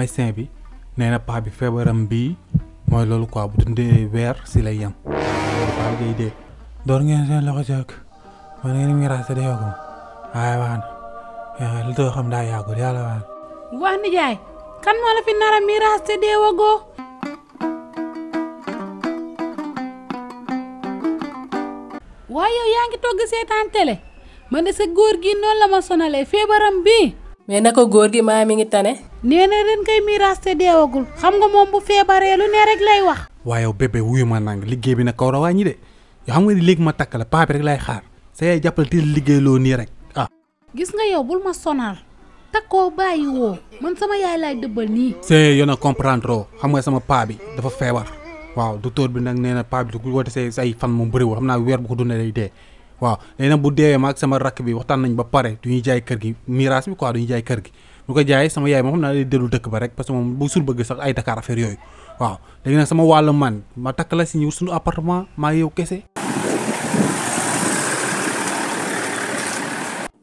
médecin bi nee na paa bi feebaram bii mooy loolu quoi bu dundee weer si lay yem door ngeen seen loxo si ko waaye waan li wax nijaay kan moo la fi nara miraas te dee wagoo waaye yow yaa ngi togg seetaan télé man de sa góor gi noonu la ma sonalee feebaram bii mais naka góor gi maa mi ngi tane. nee na ren kay te deewagul xam nga moom bu feebaree ne rek lay wax. waaye wu bébé wuyu ma nang liggéey bi nag kaw rawaa ñi de yoo xam nga ni léegi ma takk la paa bi rek lay xaar sa yaay jàppal te liggéeyloo nii rek ah. gis nga yow bul ma sonal. takkoo bàyyi woo man sama yaay laay dëbbal nii. see yoon a comprendre xam nga sama paa bi dafa feebar waaw docteur bi nag nee na paa bi du ko woote say say moom bëriwul xam naa weer bu ko dundee waaw léegi nag bu deewee ak sama rakk bi waxtaan nañ ba pare du ñuy jaay kër gi miraas bi quoi du jaay kër gi bu ko jaayee sama yaay moo xam naa lay dellu dëkk ba rek parce que moom bu sul bëgg sax ay Dakar sama wàllu man ma takk la si ñu suñu appartement maa yow kese.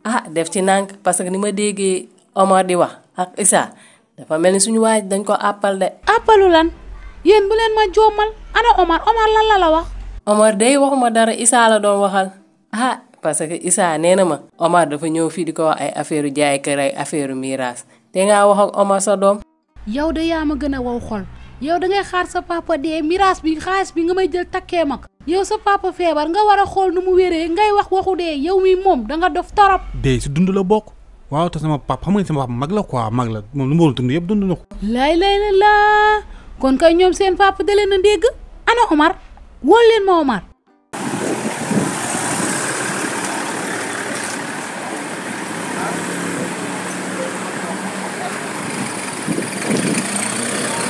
ah def ci nànk parce que ni ma déggee Omar di wax ak dafa mel ni suñu waay dañ ko àppal de. àppalu lan yéen bu leen ma joomal ana Omar Omar lan la la wax. Omar day waxuma dara Issa la doon waxal. ah parce que Issa nee na ma Omar dafa ñëw fii di ko wax ay affaire jaay kër ay affaire miraas te ngaa wax ak Omar sa doom. yow de yaa ma gën a wow xol yow da xaar sa papa dee miraas bi xaalis bi nga may jël takkee ma ko yow sa papa feebar nga war a xool nu mu wéree ngay wax waxu dee yow mi moom da nga dof torop. dee si dund la bokk. waaw te sama papa xam nga sama papa mag la quoi mag la moom lu ma waroon dund yëpp dund na ko. lay lay la laa kon kay a dégg ana Omar wóol leen